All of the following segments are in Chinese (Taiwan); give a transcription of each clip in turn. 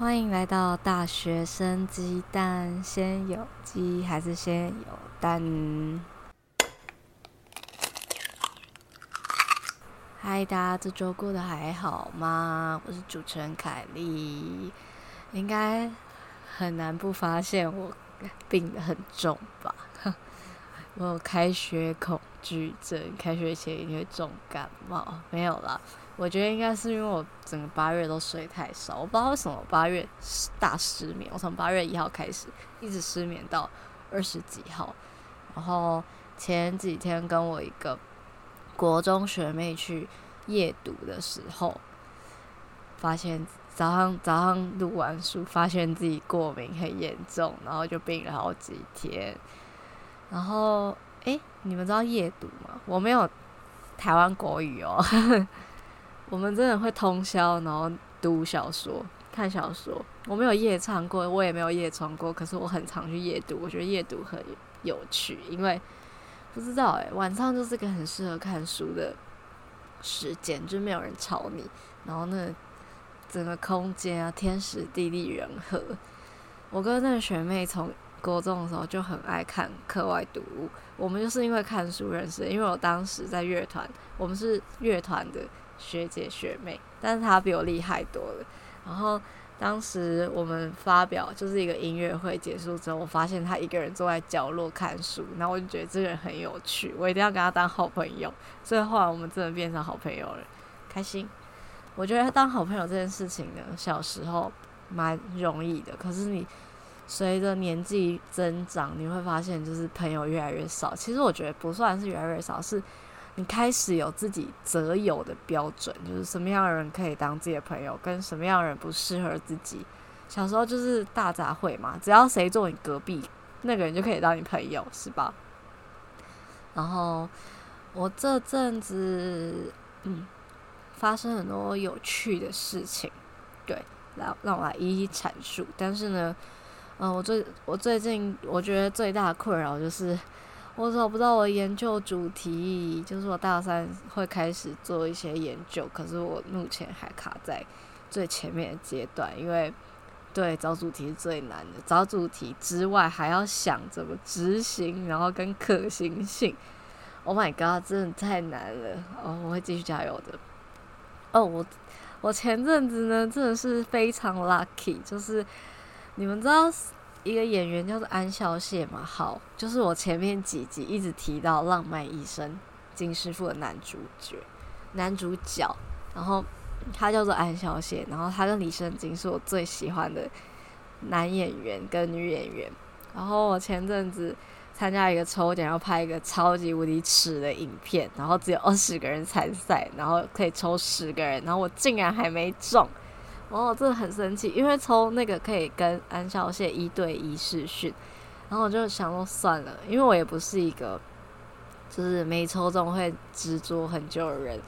歡迎來到大學生雞蛋，先有雞還是先有蛋？嗨，大家這周過得還好嗎？我是主持人凱麗，應該很難不發現我病得很重吧？我有開學恐懼症，開學前一定會重感冒，沒有啦。我覺得應該是因為我整個八月都睡太少，我不知道為什麼八月大失眠。我從八月一號開始一直失眠到二十幾號，然後前幾天跟我一個國中學妹去夜讀的時候，發現早上早上讀完書，發現自己過敏很嚴重，然後就病了好幾天。然後，哎、欸，你們知道夜讀嗎？我沒有台灣國語哦。我們真的會通宵，然後讀小說、看小說。我沒有夜唱過，我也沒有夜唱過，可是我很常去夜讀。我覺得夜讀很有趣，因為不知道誒、欸，晚上就是個很適合看書的時間，就沒有人吵你。然後那個整個空間啊，天時地利人和。我跟那個學妹從國中的時候就很愛看課外讀物，我們就是因為看書認識。因為我當時在樂團，我們是樂團的。學姐學妹，但是她比我厲害多了。然後當時我們發表就是一個音樂會結束之後，我發現她一個人坐在角落看書，然後我就覺得這個人很有趣，我一定要跟她當好朋友。所以後來我們真的變成好朋友了，開心。我覺得當好朋友這件事情呢，小時候蠻容易的，可是你隨着年紀增長，你會發現就是朋友越來越少。其實我覺得不算是越來越少，是。你開始有自己擇友的標準，就是什麼樣的人可以當自己的朋友，跟什麼樣的人不適合自己。小時候就是大雜燴嘛，只要誰坐你隔壁，那個人就可以當你朋友，是吧？然後我這陣子，嗯，發生很多有趣的事情，對，來讓我來一一闡述。但是呢，嗯、呃，我最我最近我覺得最大的困擾就是。我找不到我的研究主題，就是我大三會開始做一些研究，可是我目前還卡在最前面的階段，因為對找主題是最難的，找主題之外還要想怎麼執行，然後跟可行性。Oh my god，真的太難了！哦，我會繼續加油的。哦，我我前陣子呢真的是非常 lucky，就是你們知道。一個演員叫做安孝燮嘛，好，就是我前面幾集一直提到《浪漫醫生金師傅》的男主角，男主角，然後他叫做安孝燮，然後他跟李聖經是我最喜歡的男演員跟女演員，然後我前陣子參加一個抽獎，要拍一個超級無敵屎的影片，然後只有二十個人參賽，然後可以抽十個人，然後我竟然還沒中。哦，真的很生氣，因為抽那個可以跟安孝燮一對一視訊，然後我就想說算了，因為我也不是一個就是沒抽中會執着很久的人。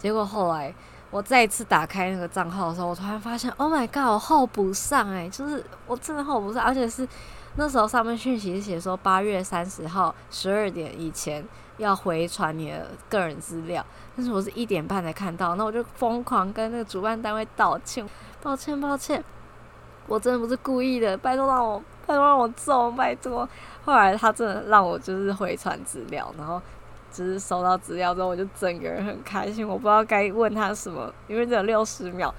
結果後來我再一次打開那個賬號的時候，我突然發現，Oh my god，我候不上哎、欸，就是我真的候不上，而且是那時候上面訊息是寫說八月三十號十二點以前。要回傳你的個人資料，但是我是一點半才看到，那我就瘋狂跟那個主辦單位道歉，抱歉抱歉，我真的不是故意的，拜託讓我拜託讓我做，拜託。後來他真的讓我就是回傳資料，然後只是收到資料之後，我就整個人很開心，我不知道該問他什麼，因為只有六十秒。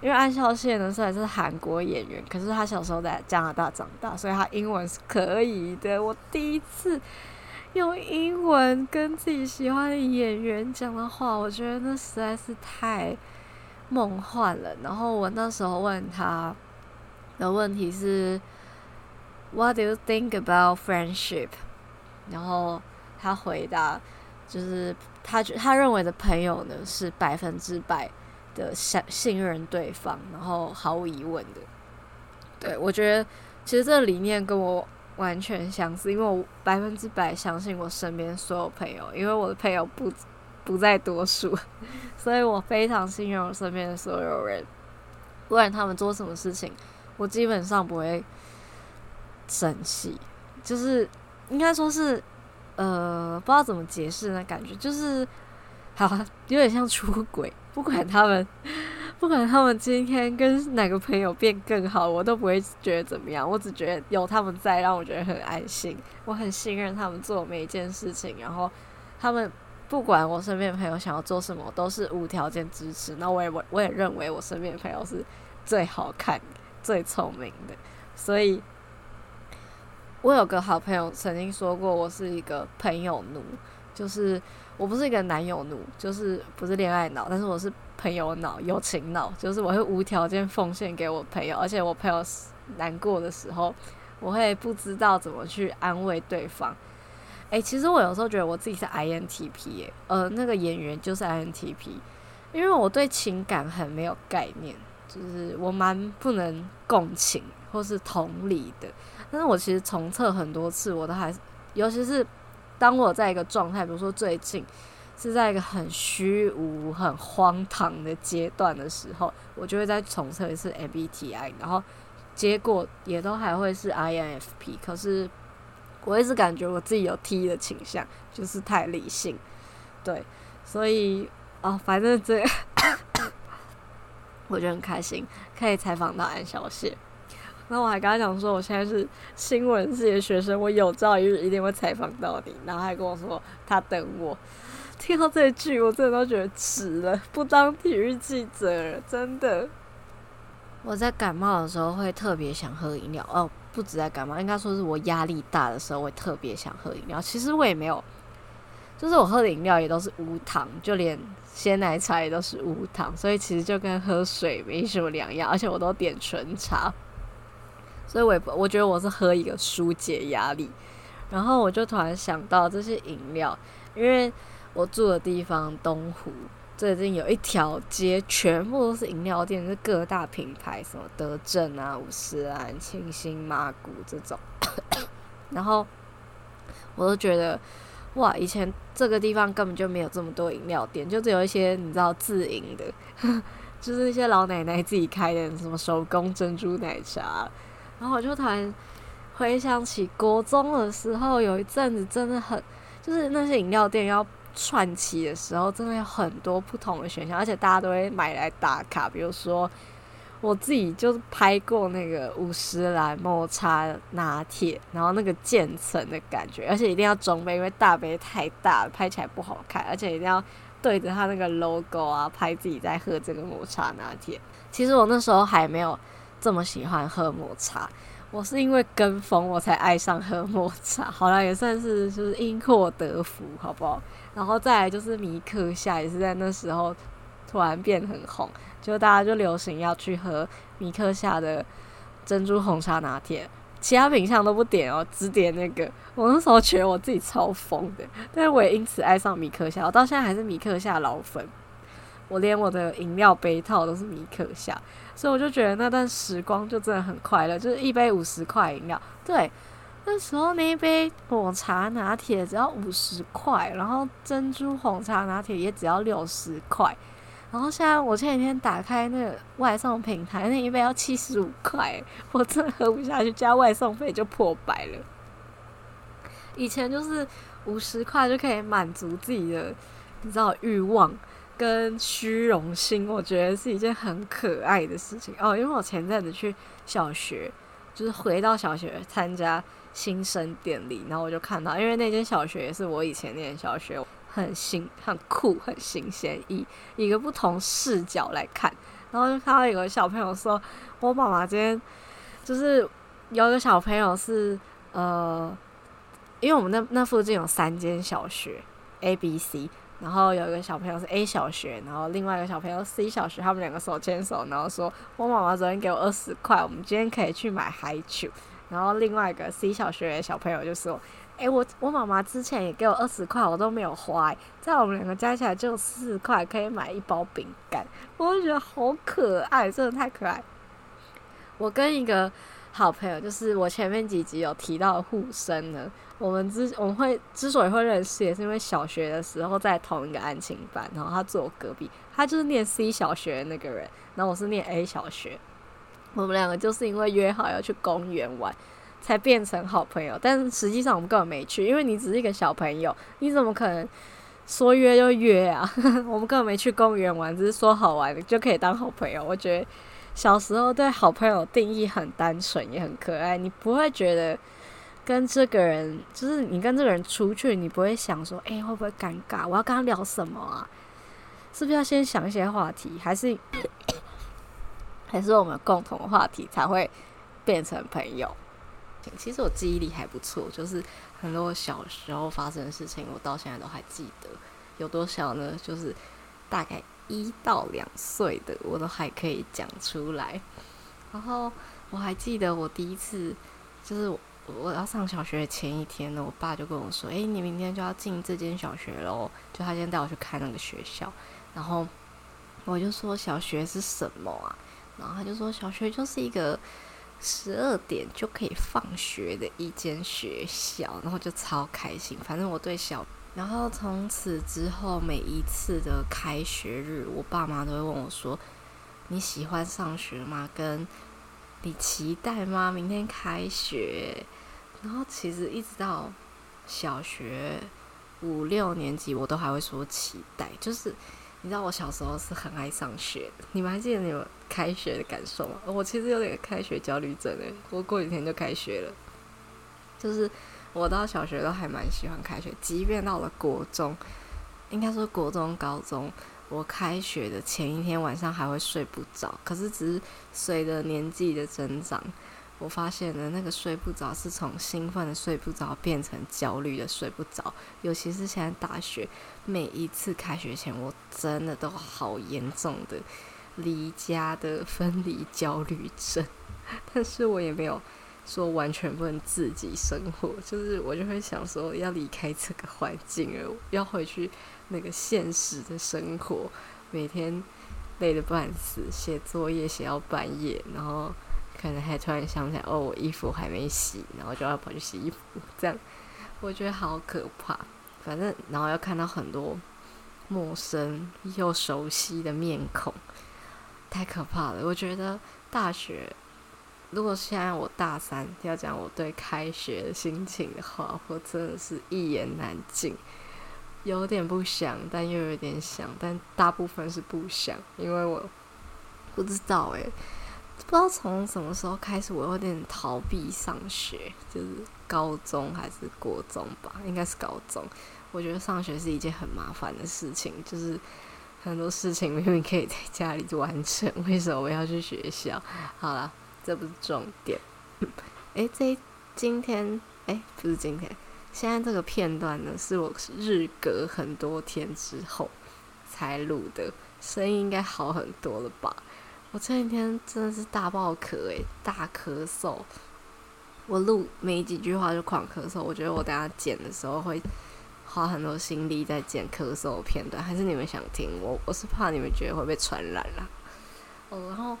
因為安孝燮呢雖然是韓國演員，可是他小時候在加拿大長大，所以他英文是可以的。我第一次。用英文跟自己喜歡的演員講的話，我覺得那實在是太夢幻了。然後我那時候問他的問題是 “What do you think about friendship？” 然後他回答就是他覺他認為的朋友呢是百分之百的相信任對方，然後毫無疑問的。對，我覺得其實這個理念跟我完全相似，因為我百分之百相信我身邊所有朋友，因為我的朋友不不在多數，所以我非常信任我身邊的所有人，不管他們做什麼事情，我基本上不會生氣，就是應該說是，呃，不知道怎麼解釋那感覺，就是好有點像出軌，不管他們。不管他們今天跟哪個朋友變更好，我都不會覺得怎麼樣。我只覺得有他們在，讓我覺得很安心。我很信任他們做每一件事情，然後他們不管我身邊朋友想要做什麼，都是無條件支持。那我也我我也認為我身邊朋友是最好看、最聰明的。所以，我有個好朋友曾經說過，我是一個朋友奴，就是。我不是一個男友奴，就是不是戀愛腦，但是我是朋友腦、友情腦，就是我會無條件奉獻給我朋友，而且我朋友難過的時候，我會不知道怎麼去安慰對方。誒、欸，其實我有時候覺得我自己是 INTP，哎、欸，呃，那個演員就是 INTP，因為我對情感很沒有概念，就是我蠻不能共情或是同理的，但是我其實重測很多次，我都還是，尤其是。當我在一個狀態，比如說最近是在一個很虛無、很荒唐的階段的時候，我就會再重測一次 MBTI，然後結果也都還會是 INFP。可是我一直感覺我自己有 T 的傾向，就是太理性，對，所以哦，反正這 我就很開心，可以採訪到安孝燮。然後我還跟他講說，我現在是新聞系的學生，我有朝一日一定會採訪到你。然後還跟我說他等我。聽到這句，我真的都覺得值了，不當體育記者，真的。我在感冒的時候會特別想喝飲料。哦，不止在感冒，應該說是我壓力大的時候會特別想喝飲料。其實我也沒有，就是我喝的飲料也都是無糖，就連鮮奶茶也都是無糖，所以其實就跟喝水沒什麼兩樣。而且我都點純茶。所以我也不，我我覺得我是喝一個紓解壓力，然後我就突然想到這些飲料，因為我住的地方東湖最近有一條街，全部都是飲料店，就是各大品牌，什麼得正啊、五十嵐、清心、麻古這種。 然後我都覺得，哇，以前這個地方根本就沒有這麼多飲料店，就只有一些你知道自營的，就是一些老奶奶自己開的，什麼手工珍珠奶茶。然後我就突然回想起國中的時候，有一陣子真的很，就是那些飲料店要串起的時候，真的有很多不同的選項，而且大家都會買來打卡。比如說，我自己就是拍過那個五十嵐抹茶拿鐵，然後那個漸層的感覺，而且一定要中杯，因為大杯太大了，拍起來不好看，而且一定要對着它那個 logo 啊，拍自己在喝這個抹茶拿鐵。其實我那時候還沒有。這麼喜歡喝抹茶，我是因為跟風我才愛上喝抹茶，好啦，也算是就是因禍得福，好不好？然後再來就是米克夏也是在那時候突然變很紅，就大家就流行要去喝米克夏的珍珠紅茶拿鐵，其他品項都不點哦，只點那個。我那時候覺得我自己超瘋的，但是我也因此愛上米克夏，我到現在還是米克夏老粉，我連我的飲料杯套都是米克夏。所以我就覺得那段時光就真的很快樂，就是一杯五十塊飲料，對，那時候那一杯抹茶拿鐵只要五十塊，然後珍珠紅茶拿鐵也只要六十塊，然後現在我前幾天打開那個外送平台，那一杯要七十五塊，我真的喝不下去，加外送費就破百了。以前就是五十塊就可以滿足自己的，你知道，慾望。跟虛榮心，我覺得是一件很可愛的事情哦。因為我前陣子去小學，就是回到小學參加新生典禮，然後我就看到，因為那間小學也是我以前那間小學，很新、很酷、很新鮮，以一個不同視角來看，然後就看到有個小朋友說，我媽媽今天就是有個小朋友是呃，因為我們那那附近有三間小學 A、B、C。然後有一個小朋友是 A 小學，然後另外一個小朋友 C 小學，他們兩個手牽手，然後說，我媽媽昨天給我二十塊，我們今天可以去買嗨啾。然後另外一個 C 小學的小朋友就說：“誒、欸，我我媽媽之前也給我二十塊，我都沒有花、欸，在我們兩個加起來就四十塊，可以買一包餅乾。”我就覺得好可愛，真的太可愛。我跟一個好朋友，就是我前面幾集有提到的護身的。我們之我們會之所以會認識，也是因為小學的時候在同一個安親班，然後他住我隔壁，他就是念 C 小學的那個人，然後我是念 A 小學，我們兩個就是因為約好要去公園玩，才變成好朋友。但實際上我們根本沒去，因為你只是一個小朋友，你怎麼可能說約就約啊？ 我們根本沒去公園玩，只是說好玩就可以當好朋友。我覺得小時候對好朋友定義很單純，也很可愛，你不會覺得。跟這個人，就是你跟這個人出去，你不會想說：“誒、欸、會不會尷尬？我要跟他聊什麼啊？是不是要先想一些話題，還是咳咳還是我們共同的話題才會變成朋友？”其實我記憶力還不錯，就是很多小時候發生的事情，我到現在都還記得。有多小呢？就是大概一到兩歲的，我都還可以講出來。然後我還記得我第一次就是我。我要上小學前一天呢，我爸就跟我說：“誒、欸，你明天就要進這間小學嘍。”就他今天帶我去看那個學校，然後我就說：“小學是什麼啊？”然後他就說：“小學就是一個十二點就可以放學的一間學校。”然後就超開心。反正我對小，然後從此之後每一次的開學日，我爸媽都會問我說：“你喜歡上學嗎？”跟你期待嗎？明天開學，然後其實一直到小學五六年級，我都還會說期待。就是你知道我小時候是很愛上學，你們還記得你們開學的感受嗎？我其實有點開學焦慮症誒，我過幾天就開學了，就是我到小學都還蠻喜歡開學，即便到了國中，應該說國中、高中。我開學的前一天晚上還會睡不着，可是，只是隨着年紀的增長，我發現了那個睡不着是從興奮的睡不着變成焦慮的睡不着。尤其是現在大學，每一次開學前，我真的都好嚴重的離家的分離焦慮症。但是我也沒有說完全不能自己生活，就是我就會想說要離開這個環境了，要回去那個現實的生活，每天累得半死，寫作業寫到半夜，然後可能還突然想起來哦，我衣服還沒洗，然後就要跑去洗衣服，這樣我覺得好可怕。反正然後要看到很多陌生又熟悉的面孔，太可怕了。我覺得大學，如果現在我大三要講我對開學的心情的話，我真的是一言難盡。有點不想，但又有點想，但大部分是不想，因為我不知道哎、欸，不知道從什麼時候開始，我有點逃避上學，就是高中還是國中吧，應該是高中。我覺得上學是一件很麻煩的事情，就是很多事情明明可以在家裡就完成，為什麼我要去學校？好啦，這不是重點。哎、 欸，這今天哎、欸，不是今天。現在這個片段呢，是我日隔很多天之後才錄的，聲音應該好很多了吧？我前幾天真的是大爆咳誒、欸，大咳嗽，我錄沒幾句話就狂咳嗽。我覺得我等下剪的時候會花很多心力在剪咳嗽的片段，還是你們想聽？我我是怕你們覺得會被傳染啦、啊。哦，然後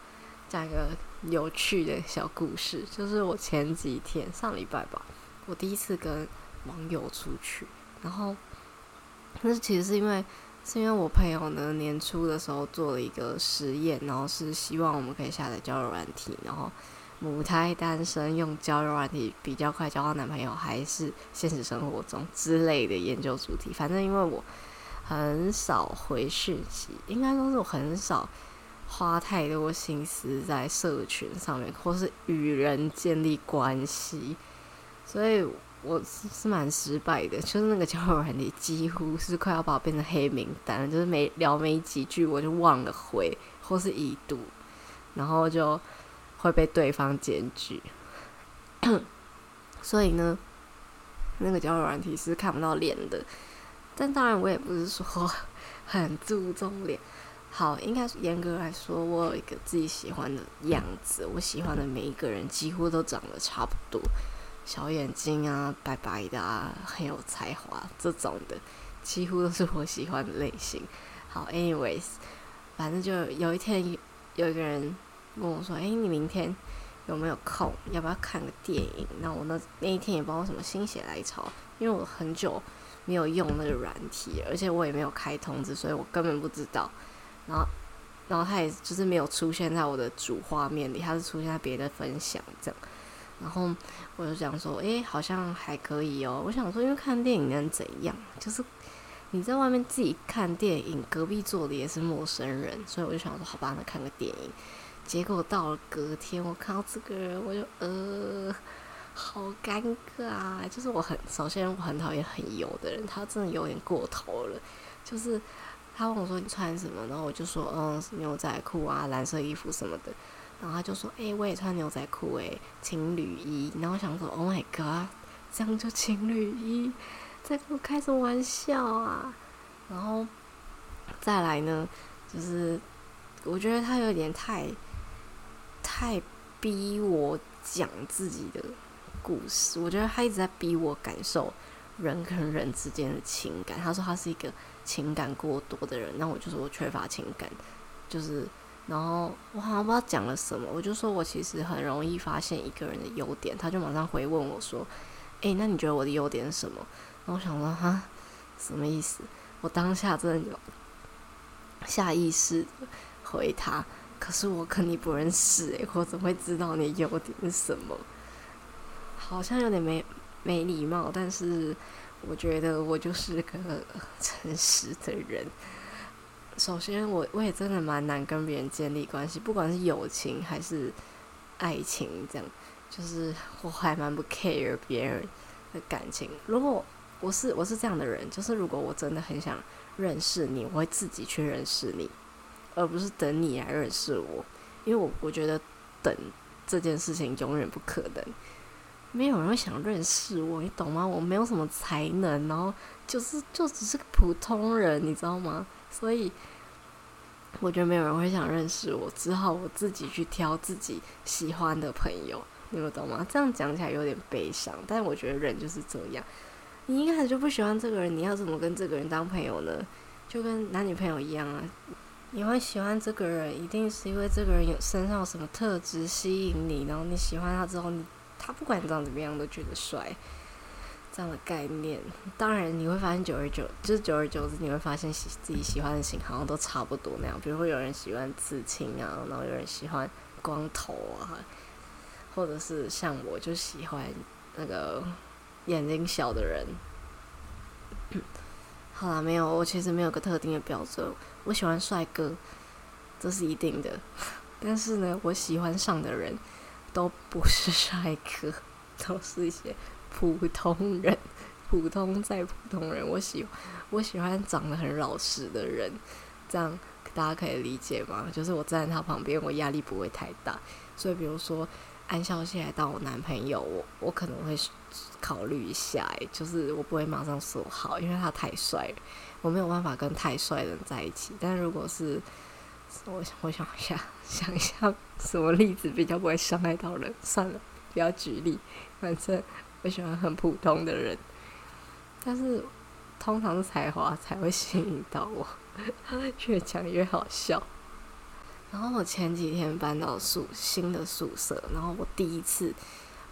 講一個有趣的小故事，就是我前幾天上禮拜吧，我第一次跟。網友出去，然後，那其實是因為是因為我朋友呢，年初的時候做了一個實驗，然後是希望我們可以下載交友軟體，然後母胎單身用交友軟體比較快交到男朋友，還是現實生活中之類的研究主題。反正因為我很少回訊息，應該說是我很少花太多心思在社群上面，或是與人建立關係，所以。我是是蠻失敗的，就是那個交友軟體幾乎是快要把我變成黑名單了，就是沒聊沒幾句我就忘了回或是已讀，然後就會被對方檢舉。 所以呢，那個交友軟體是看不到臉的，但當然我也不是說很注重臉。好，應該嚴格來說，我有一個自己喜歡的樣子，我喜歡的每一個人幾乎都長得差不多。小眼睛啊，白白的啊，很有才華這種的，幾乎都是我喜歡的類型。好，anyways，反正就有一天有，有一個人問我說：“誒、欸，你明天有沒有空？要不要看個電影？”那我那那一天也不知道我什麼心血來潮，因為我很久沒有用那個軟體，而且我也沒有開通知，所以我根本不知道。然後，然後他也就是沒有出現在我的主畫面裡，他是出現在別的分享這樣。然後我就想說，哎、欸，好像還可以哦。我想說，因為看電影能怎樣？就是你在外面自己看電影，隔壁坐的也是陌生人，所以我就想說，好吧，那看個電影。結果到了隔天，我看到這個人，我就呃，好尷尬啊！就是我很，首先我很討厭很油的人，他真的有點過頭了。就是他問我說，你穿什麼？然後我就說，嗯，牛仔褲啊，藍色衣服什麼的。然後他就說：「誒、欸，我也穿牛仔褲誒，情侶衣。」然後我想說：「Oh my god，這樣就情侶衣？在跟我開什麼玩笑啊？」然後再來呢，就是我覺得他有點太太逼我講自己的故事。我覺得他一直在逼我感受人跟人之間的情感。他說他是一個情感過多的人，那我就說我缺乏情感，就是。然後我好像不知道講了什麼，我就說我其實很容易發現一個人的優點，他就馬上回問我說：“哎、欸，那你覺得我的優點是什麼？”然後我想說：“哈，什麼意思？”我當下真的有下意識的回他，可是我跟你不認識、欸、我怎麼會知道你優點是什麼？好像有點沒沒禮貌，但是我覺得我就是個誠實的人。首先我，我我也真的蠻難跟別人建立關係，不管是友情還是愛情，這樣就是我還蠻不 care 別人的感情。如果我是我是這樣的人，就是如果我真的很想認識你，我會自己去認識你，而不是等你來認識我。因為我我覺得等這件事情永遠不可能，沒有人會想認識我，你懂嗎？我沒有什麼才能，然後就是就只是個普通人，你知道嗎？所以，我覺得沒有人會想認識我，只好我自己去挑自己喜歡的朋友，你們懂嗎？這樣講起來有點悲傷，但是我覺得人就是這樣。你一開始就不喜歡這個人，你要怎麼跟這個人當朋友呢？就跟男女朋友一樣啊。你會喜歡這個人，一定是因為這個人有身上有什麼特質吸引你，然後你喜歡他之後，你他不管你長怎麼樣都覺得帥。這樣的概念，當然你會發現，久而久就是久而久之，你會發現喜自己喜歡的型好像都差不多那樣。比如說有人喜歡刺青啊，然後有人喜歡光頭啊，或者是像我，就喜歡那個眼睛小的人。 好啦，沒有，我其實沒有個特定的標準，我喜歡帥哥，這是一定的。但是呢，我喜歡上的人都不是帥哥，都是一些。普通人，普通再普通人。我喜歡我喜歡長得很老實的人，這樣大家可以理解嗎？就是我站在他旁邊，我壓力不會太大。所以，比如說安孝燮來當我男朋友，我我可能會考慮一下，就是我不會馬上說好，因為他太帥了，我沒有辦法跟太帥的人在一起。但如果是我，我想我想一下想一下什麼例子比較不會傷害到人，算了，不要舉例，反正。我喜歡很普通的人，但是通常才華才會吸引到我，越講越好笑。然後我前幾天搬到宿新的宿舍，然後我第一次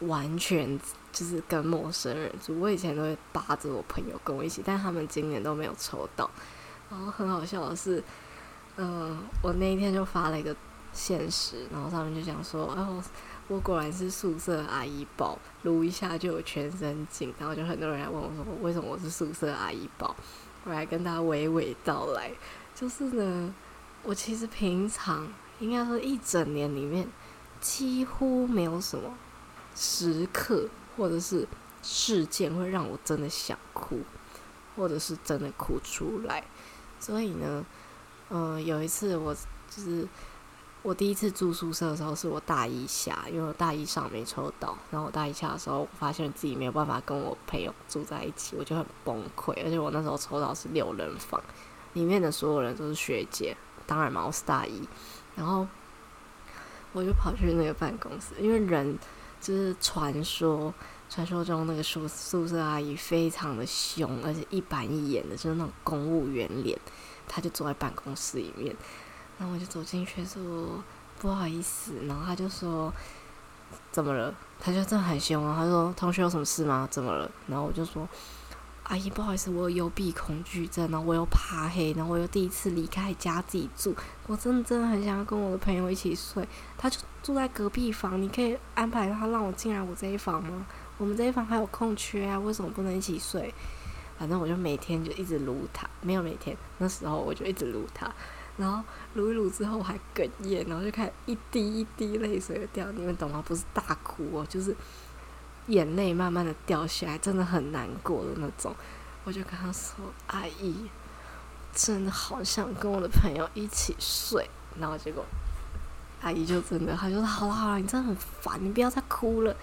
完全就是跟陌生人住。我以前都會扒着我朋友跟我一起，但他們今年都沒有抽到。然後很好笑的是，嗯、呃，我那一天就發了一個限時，然後他們就講說，哦、呃。我果然是宿舍阿姨寶，擼一下就有全身鏡，然後就很多人來問我說為什麼我是宿舍阿姨寶？我來跟他娓娓道來，就是呢，我其實平常應該說一整年裡面幾乎沒有什麼時刻或者是事件會讓我真的想哭，或者是真的哭出來，所以呢，嗯、呃，有一次我就是。我第一次住宿舍的時候是我大一下，因為我大一上沒抽到，然後我大一下的時候，發現自己沒有辦法跟我朋友住在一起，我就很崩潰。而且我那時候抽到是六人房，裡面的所有人都是學姐，當然嘛，我是大一，然後我就跑去那個辦公室，因為人就是傳說，傳說中那個宿宿舍阿姨非常的凶，而且一板一眼的，就是那種公務員臉，她就坐在辦公室裡面。然後我就走進去說：“不好意思。”然後他就說：“怎麼了？”他就真的很凶啊！然後他說：“同學有什麼事嗎？怎麼了？”然後我就說：“阿姨，不好意思，我有幽閉恐懼症，然後我又怕黑，然後我又第一次離開家自己住，我真的真的很想要跟我的朋友一起睡。他就住在隔壁房，你可以安排他讓我進來我這一房嗎？我們這一房還有空缺啊，為什麼不能一起睡？反正我就每天就一直擼他，沒有每天。那時候我就一直擼他。”然後擼一擼之後我還哽咽，然後就開始一滴一滴淚水的掉，你們懂嗎？不是大哭哦，就是眼淚慢慢的掉下來，真的很難過的那種。我就跟他說：“阿姨，真的好想跟我的朋友一起睡。”然後結果阿姨就真的，她就說：“好了好了，你真的很煩，你不要再哭了。”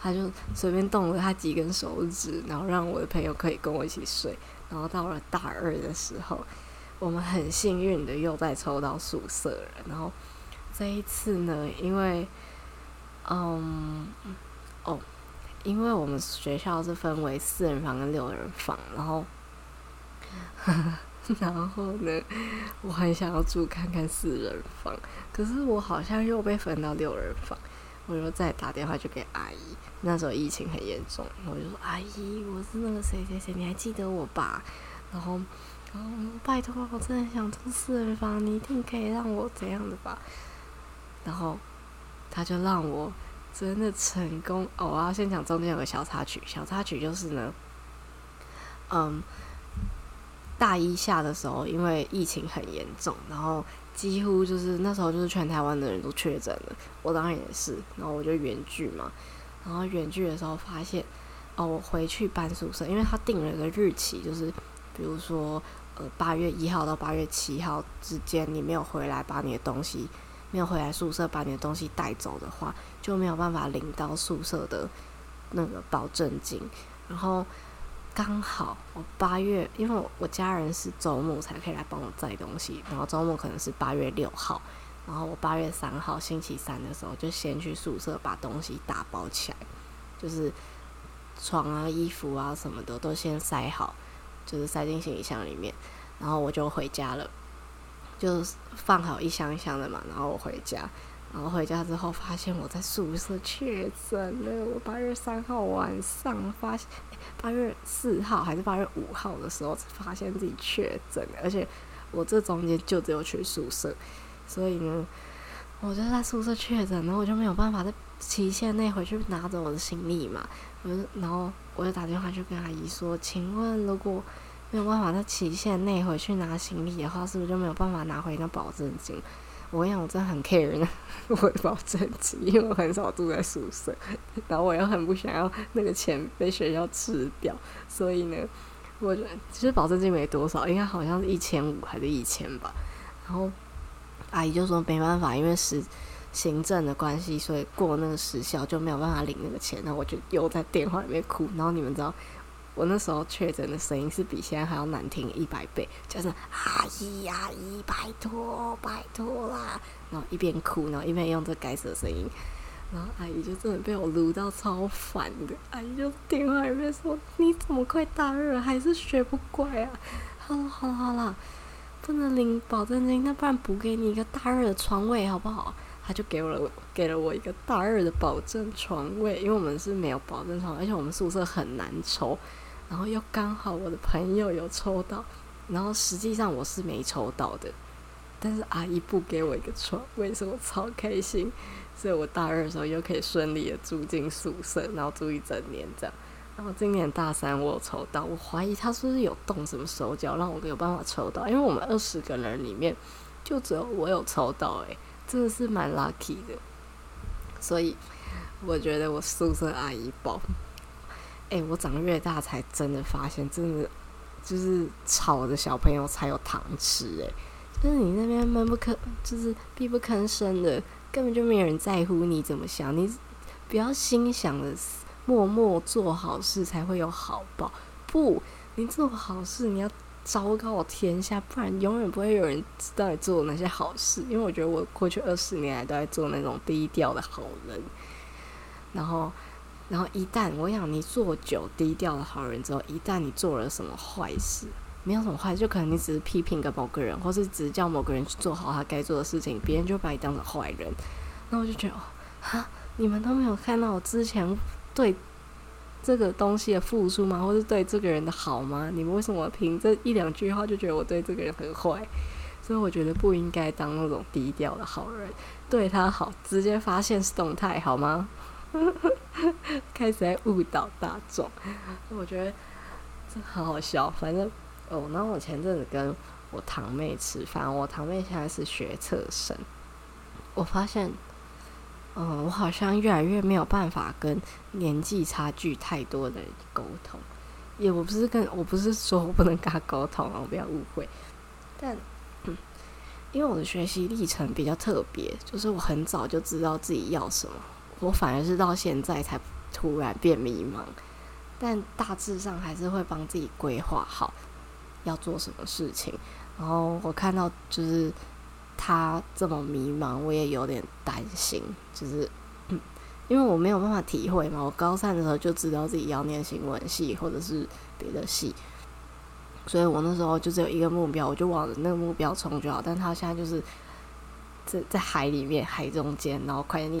她就隨便動了她幾根手指，然後讓我的朋友可以跟我一起睡。然後到了大二的時候。我們很幸運的又再抽到宿舍了，然後這一次呢，因為，嗯，哦，因為我們學校是分為四人房跟六人房，然後呵呵，然後呢，我很想要住看看四人房，可是我好像又被分到六人房，我就再打電話就給阿姨，那時候疫情很嚴重，我就說，阿姨，我是那個誰誰誰，你還記得我吧？然後。哦，拜託，我真的想住四人房，你一定可以讓我怎樣的吧？然後他就讓我真的成功哦。我要先講中間有個小插曲，小插曲就是呢，嗯，大一下的時候，因為疫情很嚴重，然後幾乎就是那時候就是全台灣的人都確診了，我當然也是。然後我就遠距嘛，然後遠距的時候發現哦，我回去搬宿舍，因為他定了一個日期，就是比如說。呃，八月一號到八月七號之間，你沒有回來把你的東西沒有回來宿舍把你的東西帶走的話，就沒有辦法領到宿舍的那個保證金。然後剛好我八月，因為我，我家人是周末才可以來幫我載東西，然後周末可能是八月六號，然後我八月三號星期三的時候就先去宿舍把東西打包起來，就是床啊、衣服啊什麼的都先塞好。就是塞進行李箱裡面，然後我就回家了，就放好一箱一箱的嘛。然後我回家，然後回家之後發現我在宿舍確診了。我八月三號晚上發現，八月四號還是八月五號的時候才發現自己確診了。而且我這中間就只有去宿舍，所以呢，我就在宿舍確診，然後我就沒有辦法在期限內回去拿著我的行李嘛。我就然後。我就打電話就跟阿姨說：“請問如果沒有辦法在期限內回去拿行李的話，是不是就沒有辦法拿回那保證金？”我跟你講，我真的很 care 那我的保證金，因為我很少住在宿舍，然後我又很不想要那個錢被學校吃掉，所以呢，我覺得其實保證金沒多少，應該好像是一千五還是一千吧。然後阿姨就說沒辦法，因為是，行政的關係，所以過那個時效就沒有辦法領那個錢，然後我就又在電話裡面哭。然後你們知道，我那時候確診的聲音是比現在還要難聽一百倍，就是阿姨、啊、阿姨，拜託拜託啦！然後一邊哭，然後一邊用這該死的聲音，然後阿姨就真的被我盧到超煩的。阿姨就電話裡面說：“你怎麼快大二了還是學不乖啊？”好啦，好了好了，不能領保證金，那不然補給你一個大二的床位好不好？”他就給我了，給了我一個大二的保證床位，因為我們是沒有保證床位，而且我們宿舍很難抽，然後又剛好我的朋友有抽到，然後實際上我是沒抽到的，但是阿姨不給我一個床位，所以我超開心。所以我大二的時候又可以順利的住進宿舍，然後住一整年這樣。然後今年大三我有抽到，我懷疑他是不是有動什麼手腳讓我沒有辦法抽到，因為我們二十個人裡面就只有我有抽到，欸，誒。真的是蠻 lucky 的，所以我覺得我宿舍阿姨暴。誒、欸，我長得越大才真的發現，真的就是吵的小朋友才有糖吃、欸。誒。就是你那邊悶不吭，就是閉不吭聲的，根本就沒有人在乎你怎麼想。你不要心想的默默做好事才會有好報，不，你做好事你要昭告天下，不然永遠不會有人知道你做那些好事。因為我覺得我過去二十年來都在做那種低調的好人，然後，然後一旦我想你，你做久低調的好人之後，一旦你做了什麼壞事，沒有什麼壞事，就可能你只是批評個某個人，或是只是叫某個人去做好他該做的事情，別人就會把你當成壞人。那我就覺得，啊、哦，你們都沒有看到我之前對。這個東西的付出嗎，或是對這個人的好嗎？你們為什麼憑這一兩句話就覺得我對這個人很壞？所以我覺得不應該當那種低調的好人，對他好，直接發限時動態好嗎？ 開始在誤導大眾，我覺得這好好笑。反正哦，那我前陣子跟我堂妹吃飯，我堂妹現在是學測生，我發現。嗯，我好像越來越沒有辦法跟年紀差距太多的人溝通。也，我不是跟我不是說我不能跟他溝通啊，我不要誤會。但，嗯，因為我的學習歷程比較特別，就是我很早就知道自己要什麼，我反而是到現在才突然變迷茫。但大致上還是會幫自己規劃好要做什麼事情。然後我看到就是。他這麼迷茫，我也有點擔心，就是因為我沒有辦法體會嘛。我高三的時候就知道自己要念新聞系或者是別的系，所以我那時候就只有一個目標，我就往那個目標衝就好。但他現在就是在，在海裡面、海中間，然後快點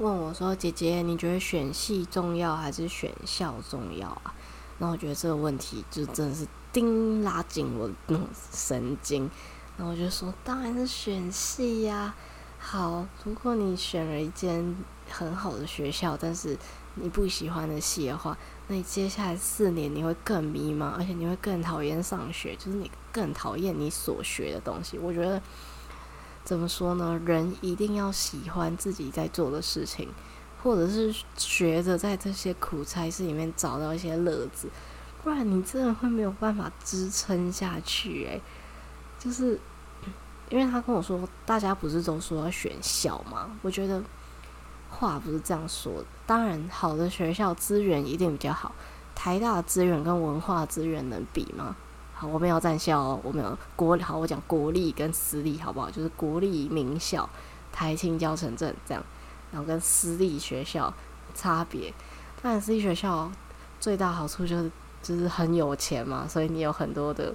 問我說：“姐姐，你覺得選系重要還是選校重要啊？”然後我覺得這個問題就真的是叮拉緊我的那種神經。然後我就說，當然是選系呀啊。好，如果你選了一間很好的學校，但是你不喜歡的系的話，那你接下來四年你會更迷茫，而且你會更討厭上學，就是你更討厭你所學的東西。我覺得，怎麼說呢？人一定要喜歡自己在做的事情，或者是學着在這些苦差事裡面找到一些樂子，不然你真的會沒有辦法支撐下去欸。哎。就是，因為他跟我說，大家不是都說要選校嗎？我覺得話不是這樣說的。當然，好的學校資源一定比較好。台大的資源跟文化資源能比嗎？好，我們有戰校哦，我們有國。好，我講國立跟私立好不好？就是國立名校，台清交成政這樣，然後跟私立學校差別。當然，私立學校最大好處就是就是很有錢嘛，所以你有很多的。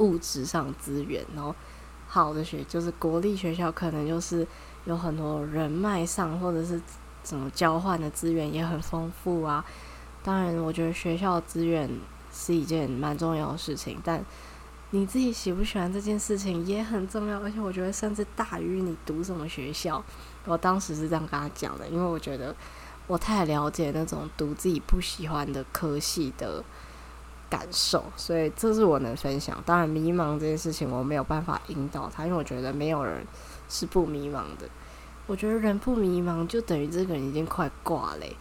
物質上資源，然後好的學就是國立學校，可能就是有很多人脈上或者是怎麼交換的資源也很豐富啊。當然，我覺得學校資源是一件蠻重要的事情，但你自己喜不喜歡這件事情也很重要，而且我覺得甚至大於你讀什麼學校。我當時是這樣跟他講的，因為我覺得我太了解那種讀自己不喜歡的科系的。感受，所以這是我能分享。當然，迷茫這件事情我沒有辦法引導他，因為我覺得沒有人是不迷茫的。我覺得人不迷茫就等於這個人已經快掛嘞，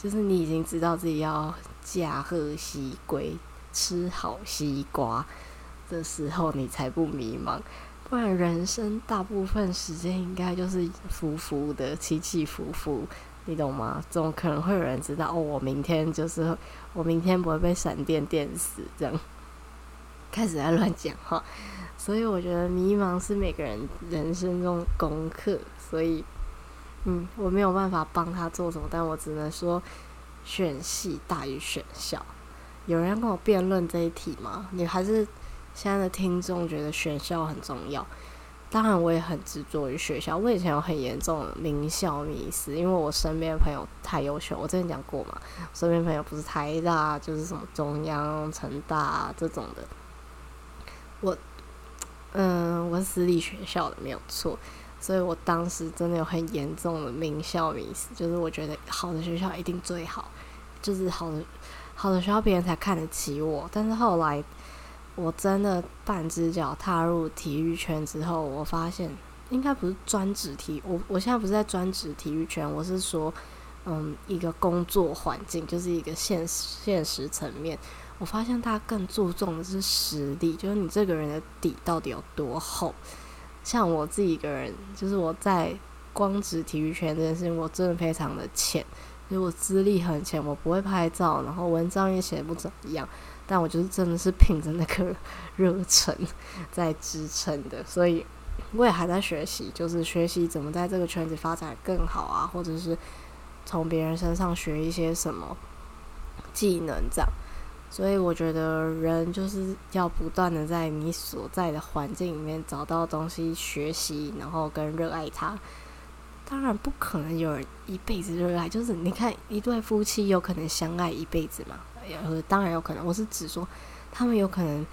就是你已經知道自己要駕鶴西歸、吃好西瓜這時候，你才不迷茫。不然，人生大部分時間應該就是浮浮的起起伏伏，你懂嗎？總可能會有人知道哦？我明天就是。我明天不會被閃電電死，這樣開始在亂講話。所以我覺得迷茫是每個人人生中功課。所以，嗯，我沒有辦法幫他做什麼，但我只能說選系大於選校。有人要跟我辯論這一題嗎？你還是現在的聽眾覺得選校很重要？當然，我也很執着於學校。我以前有很嚴重的名校迷思，因為我身邊朋友太優秀。我之前講過嘛，我身邊朋友不是台大，就是什麼中央、成大這種的。我，嗯，我是私立學校的，沒有錯。所以我當時真的有很嚴重的名校迷思，就是我覺得好的學校一定最好，就是好的好的學校，別人才看得起我。但是後來。我真的半隻腳踏入體育圈之後，我發現應該不是專職體育，我我現在不是在專職體育圈，我是說，嗯，一個工作環境，就是一個現現實層面，我發現他更注重的是實力，就是你這個人的底到底有多厚。像我自己一個人，就是我在光職體育圈這件事情，我真的非常的淺，因為我資歷很淺，我不會拍照，然後文章也寫得不怎麼樣。那我就是真的是憑着那個熱忱在支撐的，所以我也還在學習，就是學習怎麼在這個圈子發展更好啊，或者是從別人身上學一些什麼技能這樣。所以我覺得人就是要不斷的在你所在的環境裡面找到東西學習，然後跟熱愛它。當然不可能有人一輩子熱愛，就是你看一對夫妻有可能相愛一輩子嘛。呃，當然有可能。我是指說，他們有可能，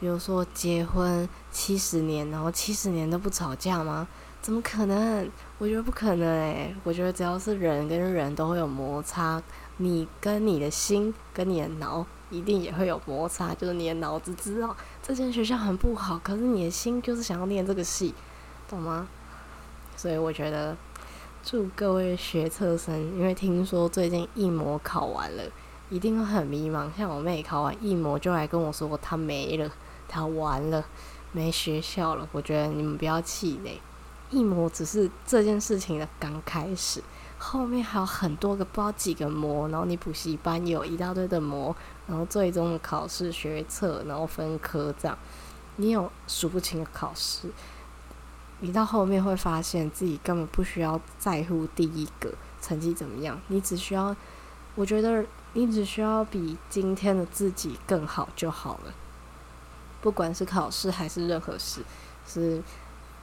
比如說結婚七十年，然後七十年都不吵架嗎？怎麼可能？我覺得不可能哎、欸。我覺得只要是人跟人都會有摩擦，你跟你的心跟你的腦一定也會有摩擦。就是你的腦子知道這間學校很不好，可是你的心就是想要念這個系，懂嗎？所以我覺得，祝各位學測生，因為聽說最近一模考完了。一定會很迷茫，像我妹考完一模就來跟我說：“她沒了，她完了，沒學校了。”我覺得你們不要氣餒，一模只是這件事情的剛開始，後面還有很多個不知道幾個模，然後你補習班有一大堆的模，然後最終考試、學測，然後分科這樣，你有數不清的考試。你到後面會發現自己根本不需要在乎第一個成績怎麼樣，你只需要，我覺得。你只需要比今天的自己更好就好了。不管是考試還是任何事，是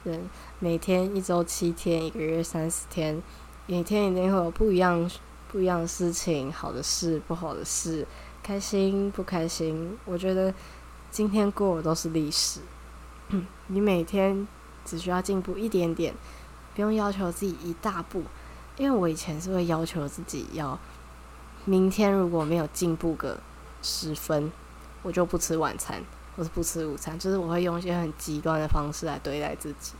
人每天一周七天，一個月三十天，每天一定會有不一樣不一樣的事情，好的事，不好的事，開心不開心。我覺得今天過的都是歷史。你每天只需要進步一點點，不用要求自己一大步。因為我以前是會要求自己要。明天如果沒有進步個十分，我就不吃晚餐，或者不吃午餐，就是我會用一些很極端的方式來對待自己。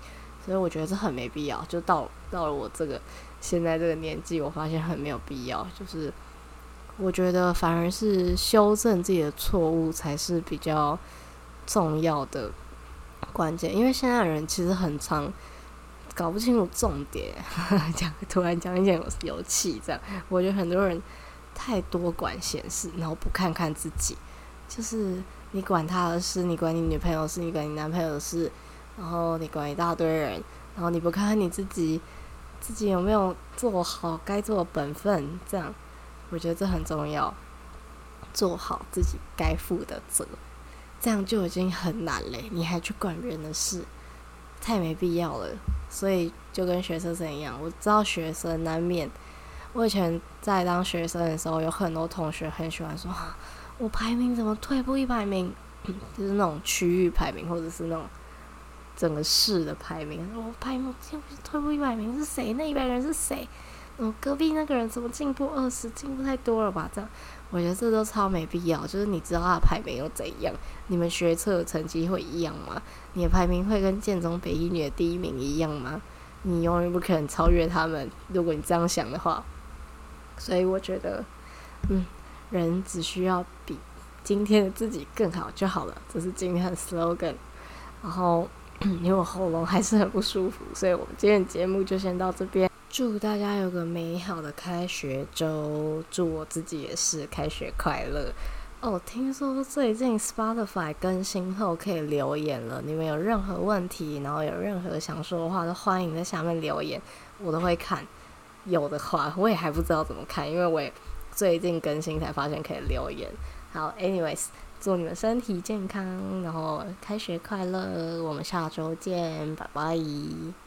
所以我覺得這很沒必要。就到了到了我這個現在這個年紀，我發現很沒有必要。就是我覺得反而是修正自己的錯誤才是比較重要的關鍵。因為現在的人其實很常搞不清楚重點，講突然講一件有有氣，這樣我覺得很多人。太多管閒事，然後不看看自己，就是你管他的事，你管你女朋友的事，你管你男朋友的事，然後你管一大堆人，然後你不看看你自己，自己有沒有做好該做的本分，這樣我覺得這很重要，做好自己該負的責，這樣就已經很難嘞，你還去管別人的事，太沒必要了，所以就跟學生生一樣，我知道學生難免。我以前在當學生的時候，有很多同學很喜歡說：“啊、我排名怎麼退步一百名？”嗯、就是那種區域排名，或者是那種整個市的排名。我排名進退步一百名是誰？那一百人是誰？我、嗯、隔壁那個人怎麼進步二十？進步太多了吧？這樣，我覺得這都超沒必要。就是你知道他的排名又怎樣？你們學測成績會一樣嗎？你的排名會跟建中北一女的第一名一樣嗎？你永遠不可能超越他們。如果你這樣想的話。所以我覺得，嗯，人只需要比今天的自己更好就好了，這是今天的 slogan。然後，因為我喉嚨還是很不舒服，所以我們今天的節目就先到這邊。祝大家有個美好的開學週，祝我自己也是開學快樂。哦，聽說最近 Spotify 更新後可以留言了，你們有任何問題，然後有任何想說的話，都歡迎在下面留言，我都會看。有的話，我也還不知道怎麼看，因為我也最近更新才發現可以留言。好，Anyways，祝你們身體健康，然後開學快樂，我們下周見，拜拜。